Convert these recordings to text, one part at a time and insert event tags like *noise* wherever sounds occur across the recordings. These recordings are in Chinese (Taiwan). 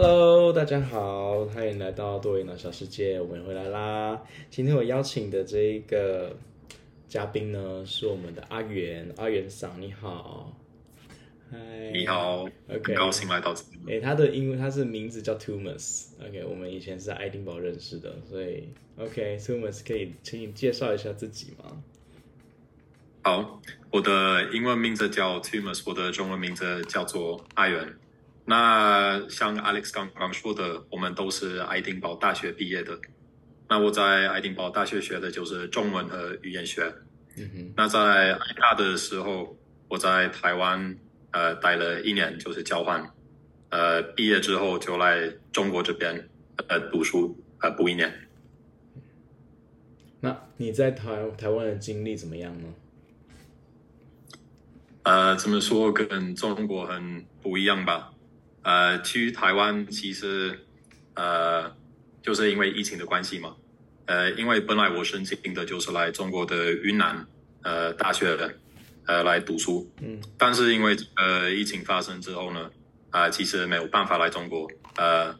Hello，大家好，歡迎來到多維腦小世界，我們回來啦。今天我邀請的這一個嘉賓呢，是我們的阿源，阿源桑，你好，嗨，你好，OK，很高興來到這裡，欸。他的英文他的名字叫 Toomas，OK，okay，我們以前是在愛丁堡認識的，所以 OK，Toomas，okay，可以請你介紹一下自己嗎？好，我的英文名字叫 Toomas，我的中文名字叫做阿源。那像 Alex 剛剛說的，我們都是愛丁堡大學畢業的。那我在愛丁堡大學學的就是中文和語言學。嗯哼。那在愛大的時候，我在台灣呃待了一年，就是交換。呃，畢業之後就來中國這邊呃讀書呃讀一年。那你在台台灣的經歷怎麼樣呢？呃，怎麼說跟中國很不一樣吧？呃，去台灣其實，呃，就是因為疫情的關係嘛。呃，因為本來我申請的就是來中國的雲南，呃，大學的，呃，來讀書。嗯。但是因為呃疫情發生之後呢，啊、呃，其實沒有辦法來中國。呃，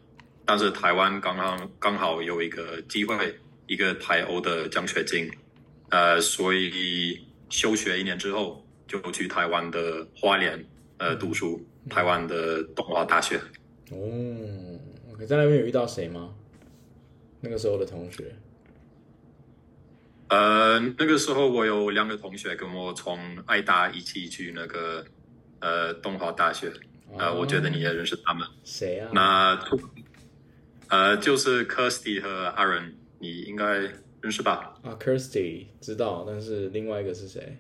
但是台灣剛剛剛好有一個機會，一個台歐的獎學金。呃，所以休學一年之後，就去台灣的花蓮呃讀書。台灣的東華大學哦，你在那邊有遇到誰嗎？那個時候的同學。呃，那個時候我有兩個同學跟我從愛達一起去那個呃東華大學啊，呃，我覺得你也認識他們。誰啊？那啊，呃，就是 Kirsty 和 Aaron，你應該認識吧？啊，Kirsty 知道，但是另外一個是誰？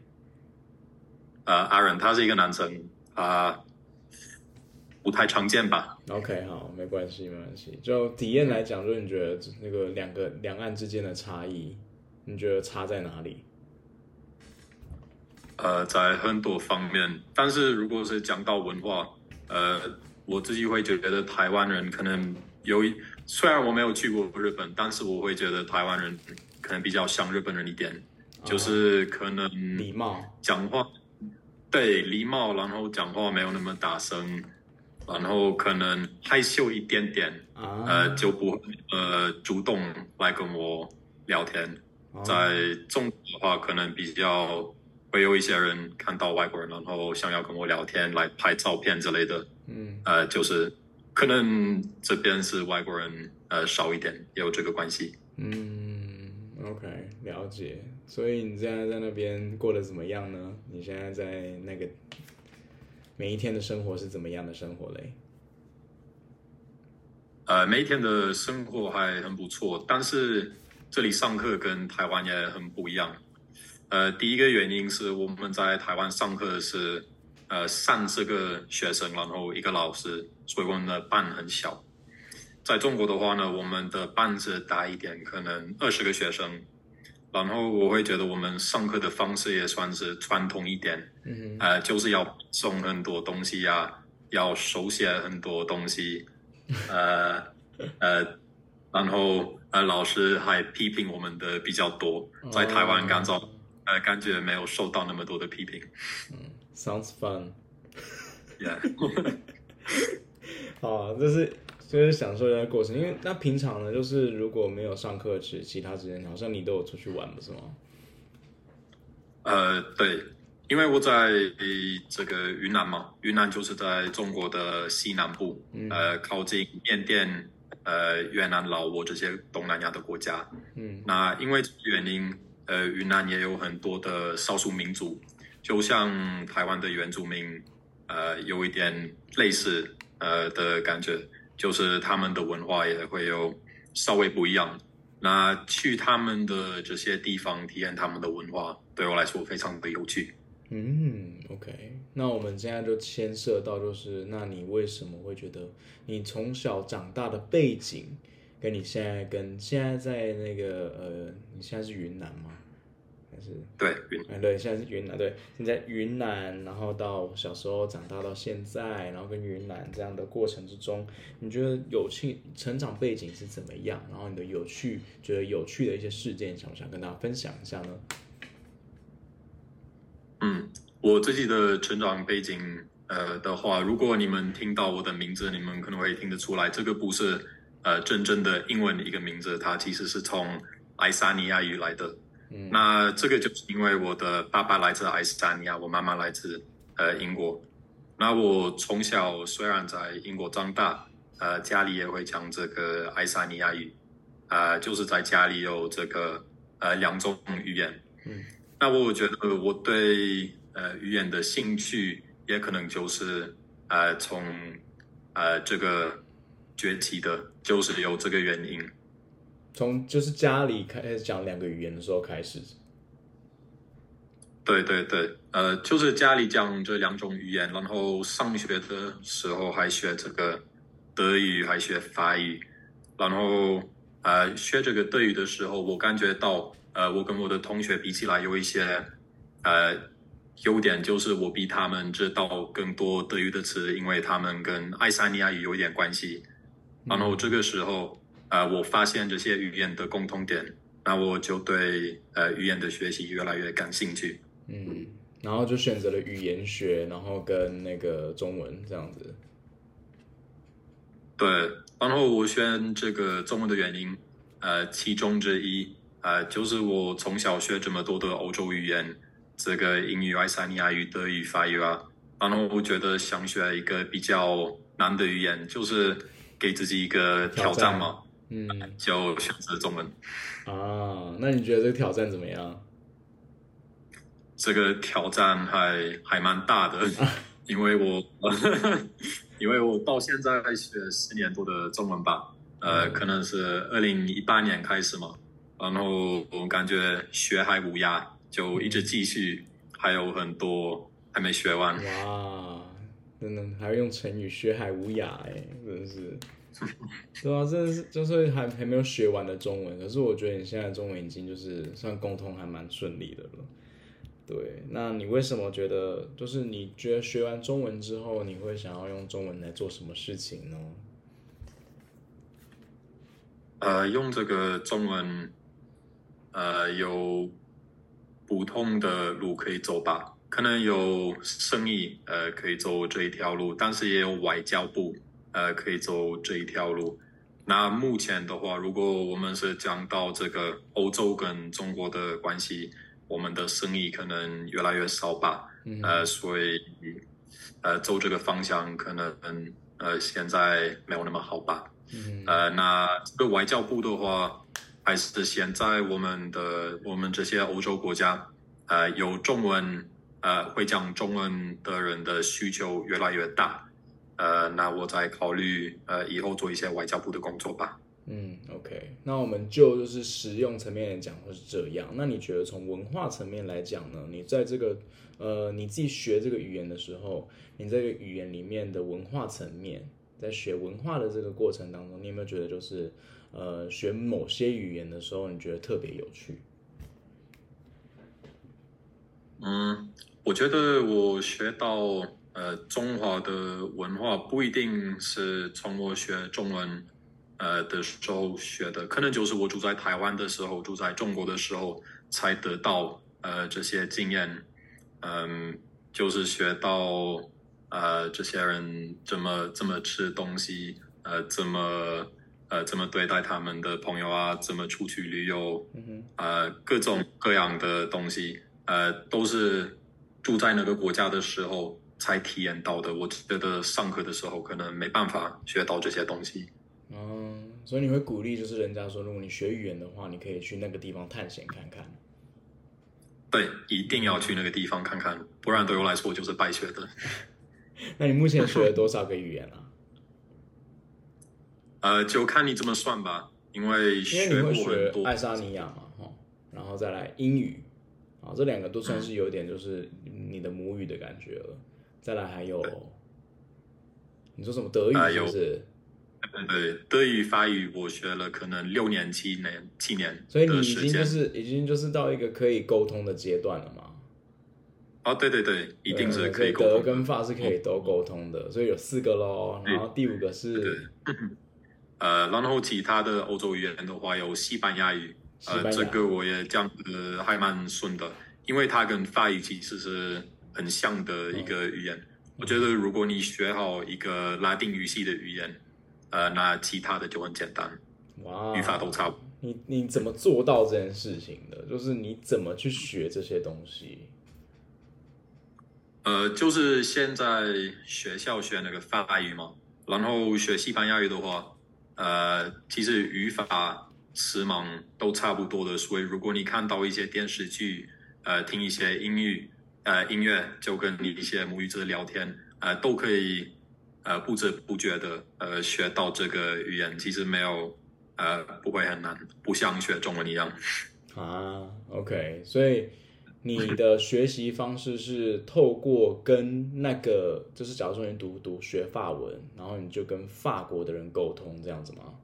啊，呃，Aaron 他是一個男生啊。Okay. 不太常見吧？OK，好，沒關係，沒關係。就體驗來講，就你覺得那個兩個兩岸之間的差異，你覺得差在哪裡？呃，在很多方面，但是如果是講到文化，呃，我自己會覺得台灣人可能有一，雖然我沒有去過日本，但是我會覺得台灣人可能比較像日本人一點，oh. 就是可能禮貌，講話，對，禮貌，然後講話沒有那麼大聲。然後可能害羞一點點，啊、呃，就不會呃主動來跟我聊天，哦。在中國的話，可能比較會有一些人看到外國人，然後想要跟我聊天，來拍照片之類的。嗯，呃，就是可能這邊是外國人呃少一點，有這個關係。嗯，OK，了解。所以你現在在那邊過得怎麼樣呢？你現在在那個？每一天的生活是怎麼樣的生活嘞？呃，每一天的生活還很不錯，但是這裡上課跟台灣也很不一樣。呃，第一個原因是我們在台灣上課是，呃，三十個學生，然後一個老師，所以我們的班很小。在中國的話呢，我們的班是大一點，可能二十個學生。然後我會覺得我們上課的方式也算是傳統一點，Mm-hmm. 呃，就是要送很多東西呀、啊，要手寫很多東西， *laughs* 呃，呃，然後呃老師還批評我們的比較多，oh. 在台灣感受，呃，感覺沒有受到那麼多的批評。Mm. Sounds fun. Yeah. *laughs* *laughs* 好，這是。就是享受一下過程，因為那平常呢，就是如果沒有上課時，其他時間好像你都有出去玩，不是嗎？呃，對，因為我在這個雲南嘛，雲南就是在中國的西南部，嗯、呃，靠近緬甸、呃，越南、老撾這些東南亞的國家。嗯，那因為原因，呃，雲南也有很多的少數民族，就像台灣的原住民，呃，有一點類似呃的感覺。就是他們的文化也會有稍微不一樣，那去他們的這些地方體驗他們的文化，對我來說非常的有趣。嗯，OK，那我們現在就牽涉到就是，那你為什麼會覺得你從小長大的背景跟你現在跟現在在那個呃，你現在是雲南嗎？對，雲。對，現在是雲南。對，你在雲南，然後到小時候長大到現在，然後跟雲南這樣的過程之中，你覺得有趣？成長背景是怎麼樣？然後你的有趣，覺得有趣的一些事件，想不想跟大家分享一下呢？嗯，我自己的成長背景，呃的話，如果你們聽到我的名字，你們可能會聽得出來，這個不是呃真正的英文的一個名字，它其實是從愛沙尼亞語來的。那這個就是因為我的爸爸來自愛沙尼亞，我媽媽來自呃英國。那我從小雖然在英國長大，呃，家裡也會講這個愛沙尼亞語，啊、呃，就是在家裡有這個呃兩種語言。嗯。那我覺得我對呃語言的興趣，也可能就是呃從呃這個崛起的，就是有這個原因。從就是家裡開始講兩個語言的時候開始，對對對，呃，就是家裡講這兩種語言，然後上學的時候還學這個德語，還學法語，然後呃學這個德語的時候，我感覺到呃，我跟我的同學比起來有一些呃優點，就是我比他們知道更多德語的詞，因為他們跟愛沙尼亞語有一點關係，嗯，然後這個時候。啊、呃！我發現這些語言的共同點，那我就對呃語言的學習越來越感興趣。嗯，然後就選擇了語言學，然後跟那個中文這樣子。對，然後我選這個中文的原因，呃，其中之一，呃，就是我從小學這麼多的歐洲語言，這個英語、愛沙尼亞語、德語、法語啊，然後我覺得想學一個比較難的語言，就是給自己一個挑戰嘛。嗯，就選擇中文。啊，那你覺得這個挑戰怎麼樣？這個挑戰還還蠻大的， *laughs* 因為我呵呵因為我到現在還學四年多的中文吧，呃，嗯、可能是二零一八年開始嘛，然後我感覺學海無涯，就一直繼續、嗯，還有很多還沒學完。哇，真的還要用成語“學海無涯”哎，真的是。 *laughs* 對啊，真的是，就是還還沒有學完的中文，可是我覺得你現在中文已經就是算溝通還蠻順利的了。對，那你為什麼覺得？就是你覺得學完中文之後，你會想要用中文來做什麼事情呢？呃，用這個中文，呃，有普通的路可以走吧。可能有生意，呃，可以走這一條路，但是也有外交部。呃，可以走這一條路。那目前的話，如果我們是講到這個歐洲跟中國的關係，我們的生意可能越來越少吧。嗯、呃，所以呃，走這個方向可能呃現在沒有那麼好吧。嗯、呃，那對外交部的話，還是現在我們的我們這些歐洲國家，呃，有中文呃會講中文的人的需求越來越大。呃，那我再考慮，呃，以後做一些外交部的工作吧。嗯，OK，那我們就就是實用層面來講是這樣。那你覺得從文化層面來講呢？你在這個呃你自己學這個語言的時候，你在這個語言裡面的文化層面，在學文化的這個過程當中，你有沒有覺得就是呃學某些語言的時候，你覺得特別有趣？嗯，我覺得我學到。呃，中華的文化不一定是從我學中文呃的時候學的，可能就是我住在台灣的時候，住在中國的時候才得到呃這些經驗。嗯、呃，就是學到呃這些人怎麼怎麼吃東西，呃怎麼呃怎麼對待他們的朋友啊，怎麼出去旅遊，啊、呃，各種各樣的東西，呃都是住在那個國家的時候。才體驗到的，我覺得上課的時候可能沒辦法學到這些東西。嗯，所以你會鼓勵就是人家說，如果你學語言的話，你可以去那個地方探險看看。對，一定要去那個地方看看，不然對我來說我就是白學的。 *laughs* 那你目前學了多少個語言啊？ *laughs* 呃，就看你這麼算吧，因為，因為學過愛沙尼亞嘛，哈，然後再來英語，啊，這兩個都算是有點就是你的母語的感覺了。再來還有，你說什麼德語是是？有，對對，德語法語我學了可能六年七年七年，所以你已經就是已經就是到一個可以溝通的階段了嗎？哦，對對對，一定是可以溝通的。通。德跟法是可以都溝通的，所以有四個嘍。然後第五個是，對對對呃，然後其他的歐洲語言的話有西班牙語，牙語呃，這個我也講的還蠻順的，因為它跟法語其實是。很像的一個語言，嗯，我覺得如果你學好一個拉丁語系的語言，嗯、呃，那其他的就很簡單。哇，wow，語法都差不多。你你怎麼做到這件事情的？就是你怎麼去學這些東西？呃，就是現在學校學那個法語嘛，然後學西班牙語的話，呃，其實語法、詞彙都差不多的。所以如果你看到一些電視劇，呃，聽一些英語。嗯呃，音樂就跟你一些母語者聊天，呃，都可以，呃，不知不覺的，呃，學到這個語言，其實沒有，呃，不會很難，不像學中文一樣。啊，OK，所以你的學習方式是透過跟那個，嗯、就是假如說你讀讀，讀學法文，然後你就跟法國的人溝通這樣子嗎？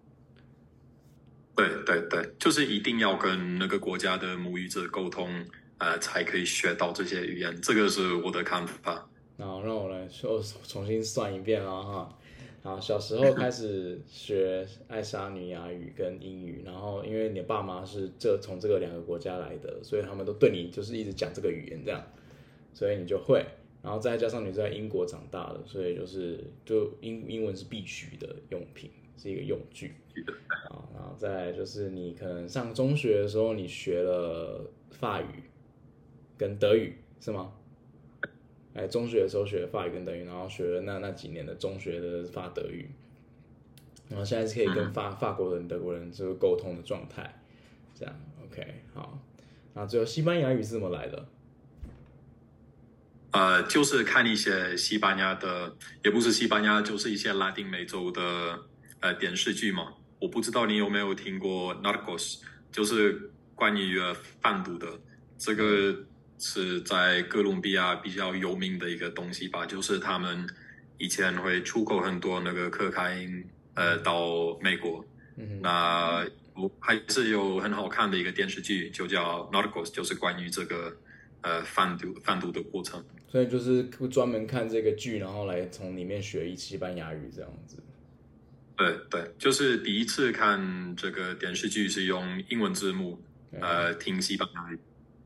對對對，就是一定要跟那個國家的母語者溝通。呃，才可以學到這些語言，這個是我的看法。然後、哦、讓我來說重新算一遍了、啊、哈。好，小時候開始學愛沙尼亞語跟英語， *laughs* 然後因為你的爸媽是這從這個兩個國家來的，所以他們都對你就是一直講這個語言，這樣，所以你就會。然後再加上你在英國長大的，所以就是就英英文是必須的用品，是一個用具啊。 *laughs* 然後再來就是你可能上中學的時候，你學了法語。跟德語是嗎？哎、欸，中學的時候學法語跟德語，然後學了那那幾年的中學的法德語，然後現在是可以跟法、嗯、法國人、德國人這個溝通的狀態，這樣 OK 好。那最後西班牙語是怎麼來的？呃，就是看一些西班牙的，也不是西班牙，就是一些拉丁美洲的呃電視劇嘛。我不知道你有沒有聽過《Narcos》，就是關於呃販毒的這個。嗯是在哥倫比亞比較有名的一個東西吧，就是他們以前會出口很多那個可卡因，呃，到美國。嗯，那還是有很好看的一個電視劇，就叫 Narcos，就是關於這個呃販毒販毒的過程。所以就是專門看這個劇，然後來從裡面學一西班牙語這樣子。對對，就是第一次看這個電視劇是用英文字幕，Okay. 呃，聽西班牙語。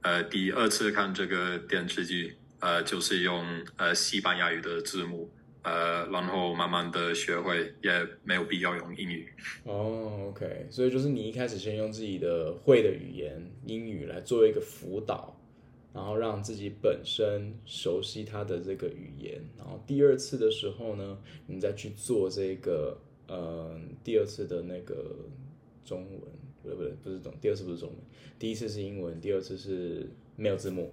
呃，第二次看這個電視劇，呃，就是用呃西班牙語的字幕，呃，然後慢慢的學會，也沒有必要用英語。哦、oh，OK，所以就是你一開始先用自己的會的語言，英語來做一個輔導，然後讓自己本身熟悉他的這個語言，然後第二次的時候呢，你再去做這個，呃，第二次的那個中文。不對不對，不是中，第二次不是中文，第一次是英文，第二次是沒有字幕。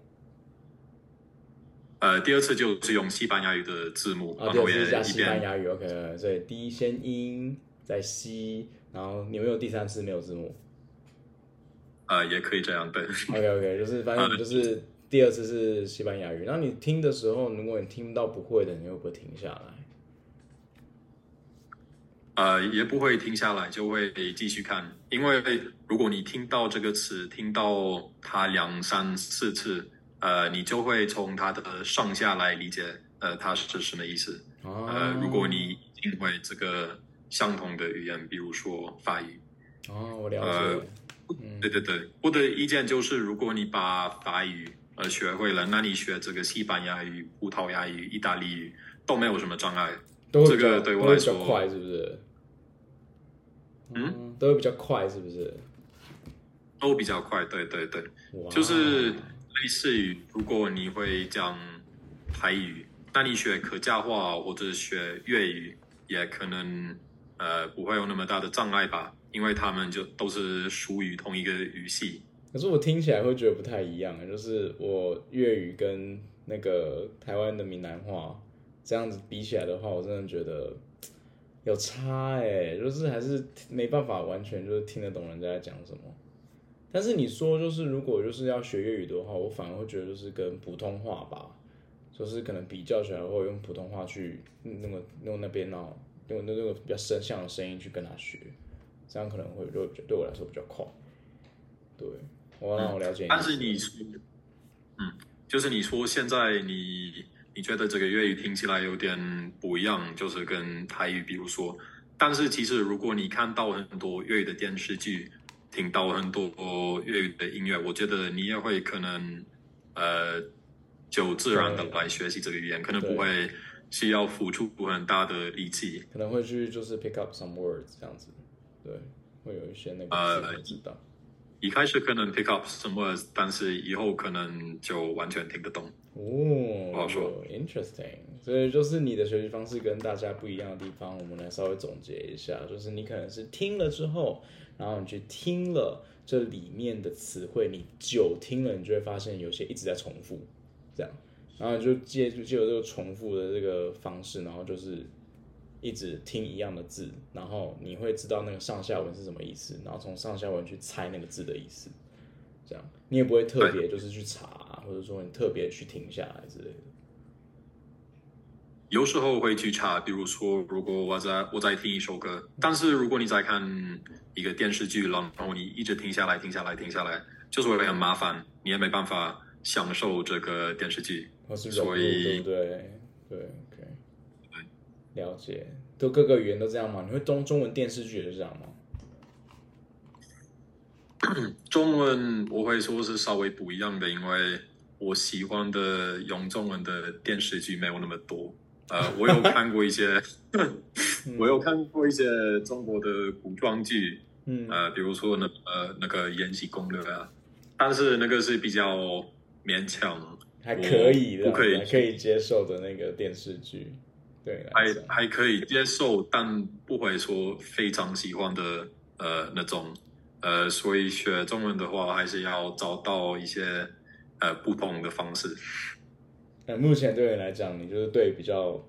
呃，第二次就是用西班牙語的字幕。啊，第二次加西班牙語 OK，OK，所以第一先英再西，然後你有沒有第三次沒有字幕？啊、呃，也可以這樣對。OK OK，就是反正就是第二次是西班牙語，那你聽的時候，如果你聽不到不會的，你會不會停下來？呃，也不會停下來，就會繼續看。因為如果你聽到這個詞，聽到它兩三四次，呃，你就會從它的上下來理解，呃，它是什麼意思。Oh. 呃，如果你因為這個相同的語言，比如說法語。哦，oh，我了解。呃，對對對，我的意見就是，如果你把法語呃學會了，那你學這個西班牙語、葡萄牙語、意大利語都沒有什麼障礙。這個對我來說，比較快，是不是？嗯，都比較快，是不是？都比較快，對對對，wow，就是類似於，如果你會講台語，那你學客家話或者學粵語，也可能呃，不會有那麼大的障礙吧？因為他們就都是屬於同一個語系。可是我聽起來會覺得不太一樣，就是我粵語跟那個台灣的閩南話。這樣子比起來的話，我真的覺得有差哎、欸，就是還是沒辦法完全就是聽得懂人家在講什麼。但是你說就是如果就是要學粵語的話，我反而會覺得就是跟普通話吧，就是可能比較起來，或用普通話去那個弄，弄那邊哦，用那個比較聲像的聲音去跟他學，這樣可能會對對我來說比較快。對，我讓我了解一下。但是你說，嗯，就是你說現在你。你覺得這個粵語聽起來有點不一樣，就是跟台語，比如說。但是其實，如果你看到很多粵語的電視劇，聽到很多粵語的音樂，我覺得你也會可能，呃，就自然的來學習這個語言，可能不會需要付出很大的力氣。可能會去就是 pick up some words 這樣子，對，會有一些那個指導。呃一開始可能 pick up some words，但是以後可能就完全聽得懂。哦，、oh，不好說、oh，interesting。所以就是你的學習方式跟大家不一樣的地方。我們來稍微總結一下，就是你可能是聽了之後，然後你去聽了這裡面的詞彙，你久聽了，你就會發現有些一直在重複，這樣，然後你就借就借由這個重複的這個方式，然後就是。一直聽一樣的字，然後你會知道那個上下文是什麼意思，然後從上下文去猜那個字的意思。這樣你也不會特別就是去查，欸，或者說你特別去停下來之類的。有時候會去查，比如說如果我在我在聽一首歌，但是如果你在看一個電視劇，然後你一直停下來、停下來、停下來，就是會很麻煩，你也沒辦法享受這個電視劇。所以，所以對對。對了解，都各個語言都這樣嗎？你會中中文電視劇也是這樣嗎？中文我會說是稍微不一樣的，因為我喜歡的用中文的電視劇沒有那麼多。呃，我有看過一些， *laughs* *laughs* 我有看過一些中國的古裝劇，嗯，呃，比如說那呃那個《延禧攻略》啊，但是那個是比較勉強，還可以的，不可以可以接受的那個電視劇。對，還還可以接受，但不會說非常喜歡的呃那種呃，所以學中文的話，還是要找到一些呃不同的方式。那、呃、目前對你來講，你就是對比較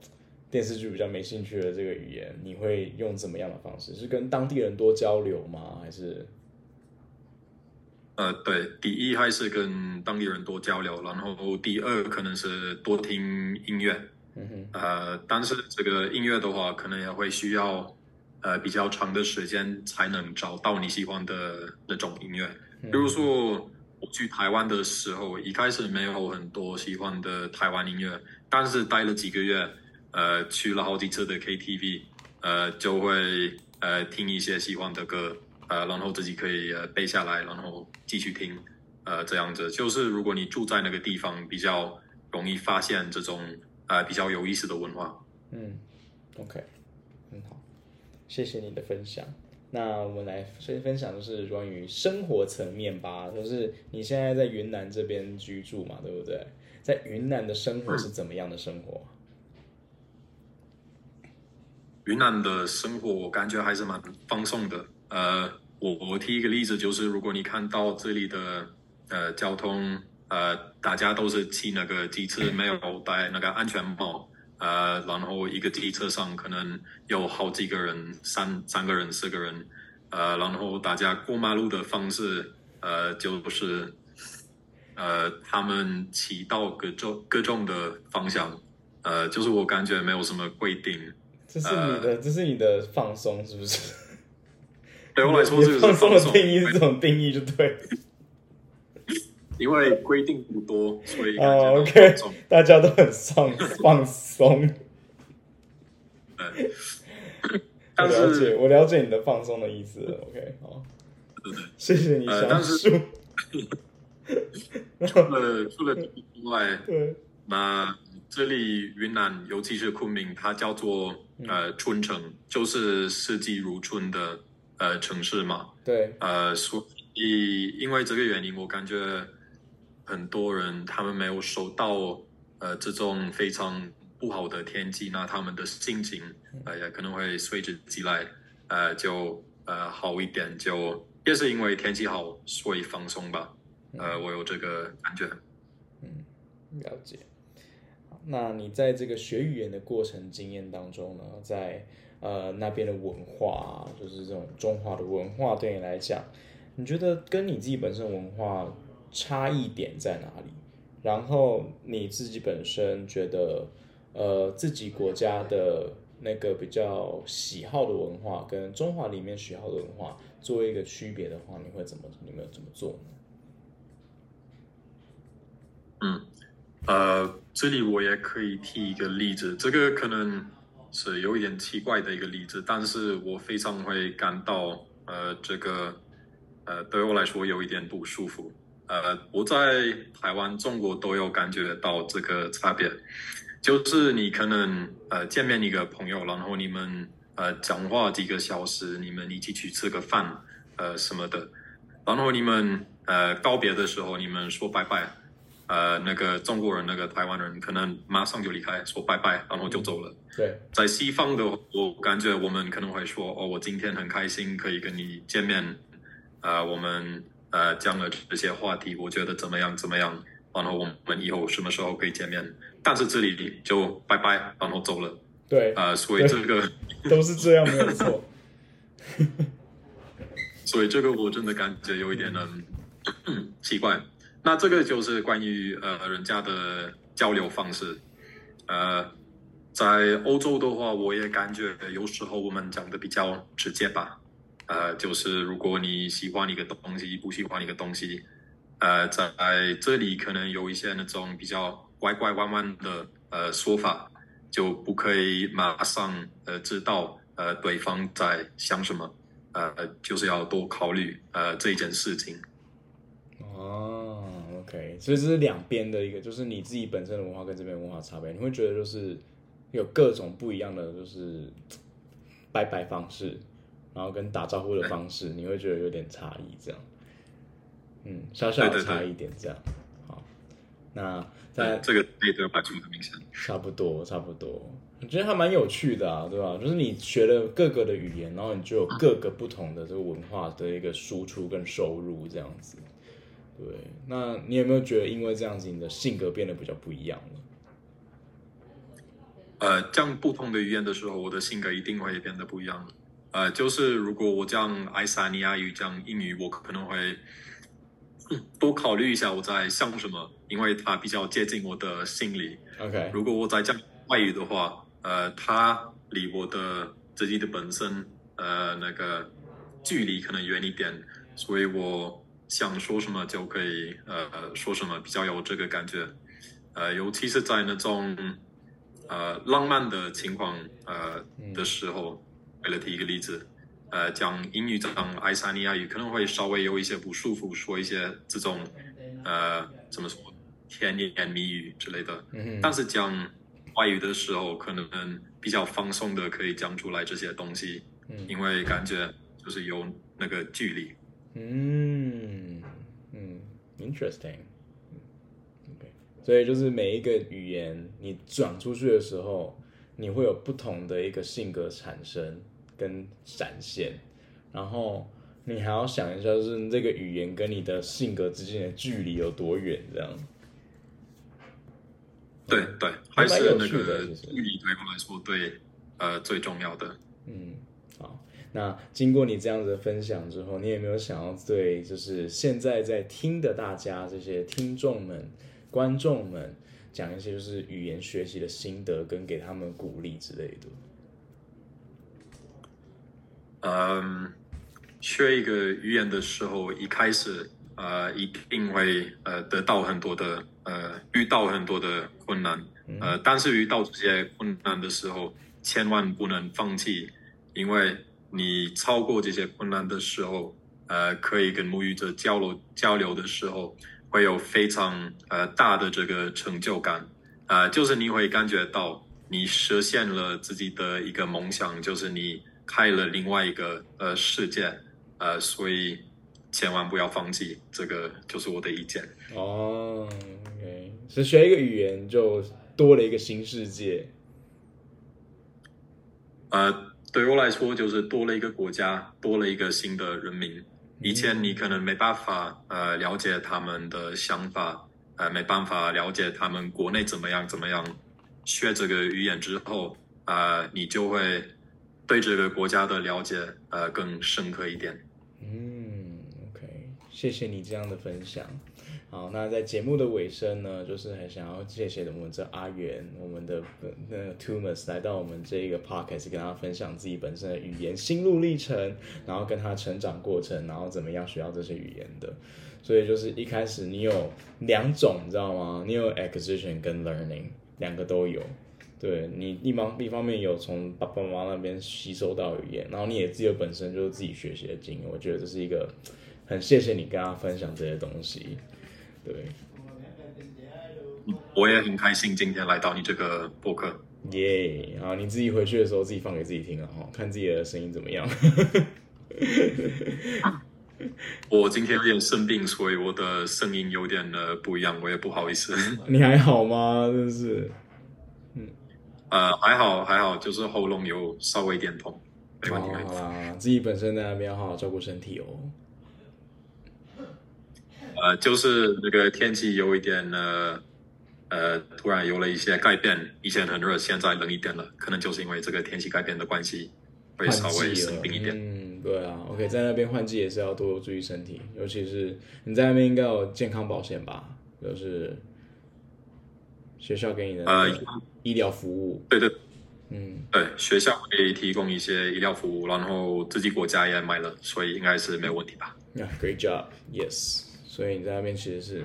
電視劇比較沒興趣的這個語言，你會用怎麼樣的方式？是跟當地人多交流嗎？還是呃，對，第一還是跟當地人多交流，然後第二可能是多聽音樂。嗯哼，呃，但是這個音樂的話，可能也會需要呃比較長的時間才能找到你喜歡的那種音樂。比如說我去台灣的時候，一開始沒有很多喜歡的台灣音樂，但是待了幾個月，呃，去了好幾次的 KTV，呃，就會呃聽一些喜歡的歌，呃，然後自己可以呃背下來，然後繼續聽，呃，這樣子就是如果你住在那個地方，比較容易發現這種。呃，比較有意思的文化。嗯，OK，很好，謝謝你的分享。那我們來先分享的是關於生活層面吧，就是你現在在雲南這邊居住嘛，對不對？在雲南的生活是怎麼樣的生活？嗯，雲南的生活，我感覺還是蠻放鬆的。呃，我我提一個例子，就是如果你看到這裡的呃交通。呃，大家都是騎那個機車，沒有戴那個安全帽。呃，然後一個機車上可能有好幾個人，三三個人、四個人。呃，然後大家過馬路的方式，呃，就是，呃，他們騎到各種各種的方向。呃，就是我感覺沒有什麼規定。這是你的，呃、這是你的放鬆，是不是？對我來說， *laughs* 是放鬆的定義是這種定義，就對。 *laughs* 因為規定不多，所以，uh, okay, 大家都很放放鬆。 *laughs* *laughs* 我了解，我了解你的放鬆的意思，OK，好，uh, *laughs* 謝謝你講述。呃， *laughs* *laughs* 除了除了你之外，那， *laughs* 呃、這裡雲南，尤其是昆明，它叫做呃春城，就是四季如春的呃城市嘛，對，呃，所以因為這個原因，我感覺。很多人他們沒有收到呃這種非常不好的天氣，那他們的心情哎呀、呃、可能會隨之起來，呃就呃好一點，就也是因為天氣好，所以放鬆吧，呃我有這個感覺。嗯，了解。那你在這個學語言的過程經驗當中呢，在呃那邊的文化，就是這種中華的文化，對你來講，你覺得跟你自己本身文化差異點在哪裡？然後你自己本身覺得，呃，自己國家的那個比較喜好的文化跟中華裡面喜好的文化做一個區別的話，你會怎麼？你們怎麼做呢？嗯，呃，這裡我也可以提一個例子，這個可能是有一點奇怪的一個例子，但是我非常會感到，呃，這個，呃，對我來說有一點不舒服。呃，我在台灣、中國都有感覺到這個差別，就是你可能呃見面一個朋友，然後你們呃講話幾個小時，你們一起去吃個飯，呃什麼的，然後你們呃告別的時候，你們說拜拜，呃那個中國人、那個台灣人可能馬上就離開，說拜拜，然後就走了。對，在西方的話我感覺我們可能會說哦，我今天很開心可以跟你見面，呃我們。呃，講了這些話題，我覺得怎麼樣？怎麼樣？然後我們以後什麼時候可以見面？但是這裡就拜拜，然後走了。對，啊、呃，所以這個都是這樣， *laughs* 沒有錯。 *laughs* 所以這個我真的感覺有一點嗯 *coughs* 奇怪。那這個就是關於呃人家的交流方式。呃，在歐洲的話，我也感覺有時候我們講的比較直接吧。呃，就是如果你喜歡一個東西，不喜歡一個東西，呃，在這裡可能有一些那種比較歪歪彎彎的呃說法，就不可以馬上呃知道呃對方在想什麼，呃，就是要多考慮呃這一件事情。哦，oh，OK，所以這是兩邊的一個，就是你自己本身的文化跟這邊文化差別，你會覺得就是有各種不一樣的就是拜拜方式。然後跟打招呼的方式，你會覺得有點差異，這樣，嗯，小小的差一點，這樣。對對對對，好，那在、嗯、這個內德法吉的名下，差不多，差不多。我覺得還蠻有趣的、啊，對吧？就是你學了各個的語言、嗯，然後你就有各個不同的這個文化的一個輸出跟收入，這樣子，對。那你有沒有覺得因為這樣子，你的性格變得比較不一樣了？呃，講不同的語言的時候，我的性格一定會變得不一樣呃，就是如果我講愛沙尼亞語、講英語，我可能會多考慮一下我在想什麼，因為它比較接近我的心理。OK，如果我在講外語的話，呃，它離我的自己的本身，呃，那個距離可能遠一點，所以我想說什麼就可以呃說什麼，比較有這個感覺。呃，尤其是在那種呃浪漫的情況呃、嗯、的時候。為了提一個例子，呃，講英語、講愛沙尼亞語可能會稍微有一些不舒服，說一些這種呃，怎麼說甜言蜜語之類的。嗯哼。但是講外語的時候，可能，能比較放鬆的可以講出來這些東西，嗯，因為感覺就是有那個距離。嗯嗯，interesting. Okay. 所以就是每一個語言你轉出去的時候，你會有不同的一個性格產生。跟閃現，然後你還要想一下，就是這個語言跟你的性格之間的距離有多遠？這樣。對對、嗯，還是那個距離、那個、對我來說，對，呃，最重要的。嗯，好。那經過你這樣子的分享之後，你有沒有想要對，就是現在在聽的大家這些聽眾們、觀眾們，講一些就是語言學習的心得，跟給他們鼓勵之類的？嗯、um，學一個語言的時候，一開始呃一定會呃得到很多的呃遇到很多的困難，呃但是遇到這些困難的時候，千萬不能放棄，因為你超過這些困難的時候，呃可以跟母語者交流交流的時候，會有非常呃大的這個成就感，啊、呃，就是你會感覺到你實現了自己的一個夢想，就是你。開了另外一個呃世界，呃，所以千萬不要放棄。這個就是我的意見。哦，只學一個語言就多了一個新世界。呃，對我來說，就是多了一個國家，多了一個新的人民。以前你可能沒辦法呃了解他們的想法，呃，沒辦法了解他們國內怎麼樣怎麼樣。學這個語言之後啊，呃，你就會。對這個國家的了解，呃，更深刻一點。嗯，OK，謝謝你這樣的分享。好，那在節目的尾聲呢，就是很想要謝謝我們這阿源，我們的那個 Toomas 來到我們這一個 Podcast，跟大家分享自己本身的語言、心路歷程，然後跟他成長過程，然後怎麼樣學到這些語言的。所以就是一開始你有兩種，你知道嗎？你有 acquisition 跟 learning，兩個都有。對，你一方一方面有從爸爸媽媽那邊吸收到語言，然後你也自己本身就是自己學習的經驗，我覺得這是一個很謝謝你跟他分享這些東西。對，我也很開心今天來到你這個播客。耶！啊，你自己回去的時候自己放給自己聽啊，看自己的聲音怎麼樣。 *laughs* 啊、我今天有點生病，所以我的聲音有點的不一樣，我也不好意思。你還好嗎？真是。呃，還好還好，就是喉嚨有稍微點痛，沒問題，沒問題。啊、好了，啊，自己本身呢，也要好好照顧身體哦。呃，就是那個天氣有一點呢，呃，突然有了一些改變，以前很熱，現在冷一點了，可能就是因為這個天氣改變的關係，會稍微生病一點。嗯，對啊，OK，在那邊換季也是要多多注意身體，尤其是你在那邊應該有健康保險吧？就是學校給你的。呃。醫療服務，對，對對，嗯，對，學校可以提供一些醫療服務，然後自己國家也買了，所以應該是沒有問題吧。Yeah, great job，Yes，所以你在那邊其實是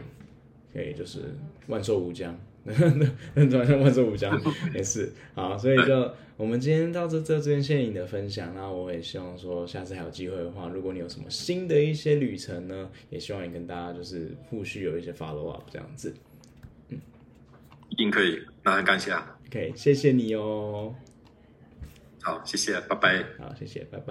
可以就是萬壽無疆，哈哈，怎麼像萬壽無疆？沒 *laughs* 事，好，所以就我們今天到這這這邊，謝謝你的分享，那我也希望說下次還有機會的話，如果你有什麼新的一些旅程呢，也希望你跟大家就是後續有一些 follow up 這樣子。一定可以，那很感謝啊。OK，謝謝你哦。好，謝謝，拜拜。好，謝謝，拜拜。